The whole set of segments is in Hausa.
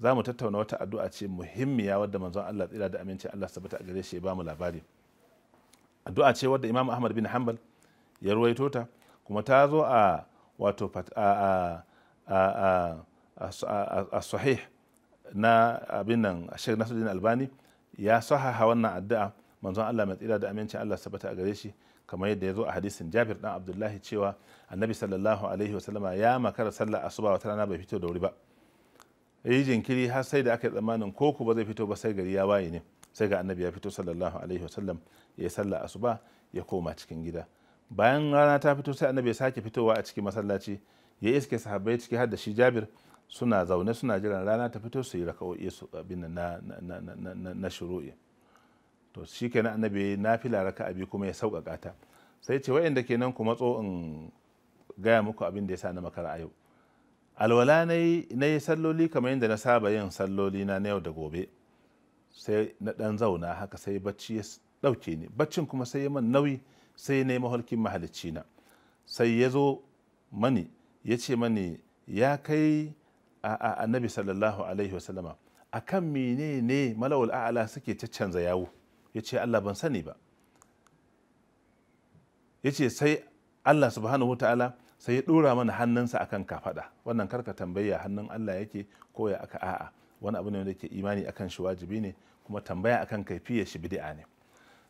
za mu tattauna wata addu'a ce muhimmiya wadda manzon Allah tsira da aminci Allah tabbata a gare shi ya ba mu labari addu'a ce wadda Imam Ahmad bin Hanbal ya ruwaito ta kuma ta zo a wato a sahih na abin nan Sheikh Nasruddin Albani ya sahaha wannan addu'a manzon Allah mai tsira da amincin Allah tabbata a gare shi kamar yadda ya zo a hadisin Jabir dan Abdullahi cewa Annabi sallallahu alaihi wasallama ya makara sallar asuba wata rana bai fito da wuri ba yi jinkiri har sai da aka yi tsammanin ko ku ba zai fito ba sai gari ya waye ne sai ga annabi ya fito sallallahu alaihi wasallam ya sallah asuba ya koma cikin gida bayan rana ta fito sai annabi ya sake fitowa a cikin masallaci ya iske sahabbai ciki har da shi jabir suna zaune suna jiran rana ta fito su yi raka'o'i su abin na na shuru'i to shi kenan annabi na fila raka'a biyu kuma ya sauƙaƙa ta sai ce ke kenan ku matso in gaya muku abin da ya sa na makara a yau alwala na yi yi salloli kamar yadda na saba yin salloli na yau da gobe sai na dan zauna haka sai bacci ya dauke ni baccin kuma sai ya man nauyi sai na yi mahalkin mahalicci na sai ya zo mani ya ce mani ya kai a annabi sallallahu alaihi wasallama a kan mene ne malawul a'ala suke ta canza yawo ya ce allah ban sani ba ya ce sai allah subhanahu wa ta'ala sai ya dora mana hannunsa akan kafada wannan karka tambaya hannun Allah yake ko ya aka a'a wani abu ne da ke imani akan shi wajibi ne kuma tambaya akan kaifiyar shi bid'a ne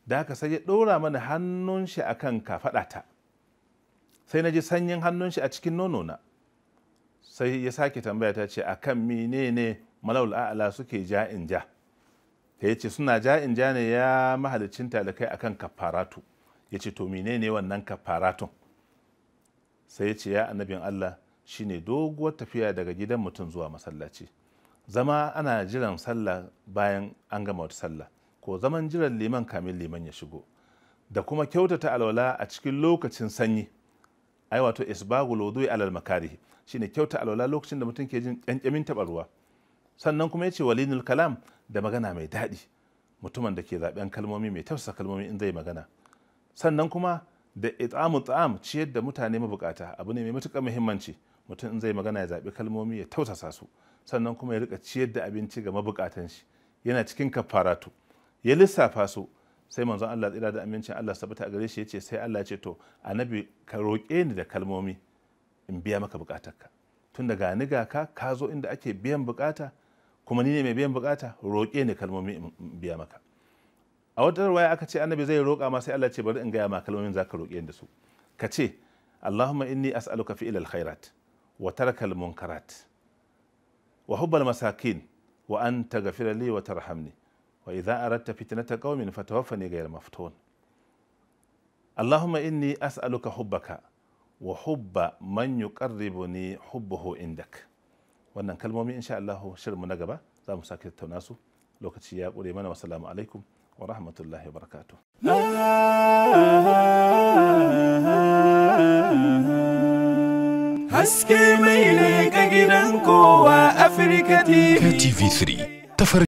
da haka sai ya dora mana hannun shi akan kafada ta sai na ji sanyin hannun shi a cikin nono na sai ya sake tambaya ta ce akan menene malaul a'ala suke ja in ja ta yace suna ja in ja ne ya mahalicin talakai akan kafaratu yace to menene wannan kafaratun sai ya ce ya annabin Allah shine doguwar tafiya daga gidan mutum zuwa masallaci zama ana jiran sallah bayan an gama wata sallah ko zaman jiran liman kamin liman ya shigo da kuma kyautata alwala a cikin lokacin sanyi ai wato isbagul wudu'i alal makarihi shine kyauta alwala lokacin da mutum ke jin kankamin taɓa ruwa sannan kuma ya ce walinul kalam da magana mai daɗi mutumin da ke zaɓen kalmomi mai tafsa kalmomi in zai magana sannan kuma da it'amu tsam ciyar da mutane mabukata abu ne mai matuƙar muhimmanci mutum in zai magana ya zaɓi kalmomi ya tausasa su sannan kuma ya rika ciyar da abinci ga mabukatan shi yana cikin kafaratu ya lissafa su sai manzon Allah tsira da amincin Allah sabata a gare shi yace sai Allah ya ce to annabi ka roƙe ni da kalmomi in biya maka bukatarka tun daga ni ga ka ka zo inda ake biyan bukata kuma ni ne mai biyan bukata roƙe ni kalmomi in biya maka a wata ruwaya aka ce annabi zai roƙa ma sai Allah ce bari in gaya ma kalmomin za ka roƙe da su ka ce Allahumma inni as'aluka fi ilal khairat wa tarakal munkarat wa hubbal masakin wa an taghfira li wa tarhamni wa idza aradta fitnata qaumin fatawaffani ghayra maftun Allahumma inni as'aluka hubbaka wa hubba man yuqarribuni hubbuhu indak wannan kalmomi insha Allah mu na gaba za mu sake tattauna su lokaci ya ƙure mana wasalamu alaikum wa rahmatullahi wa barakatuh haske mai ne ga gidan kowa afirka tv3 tafar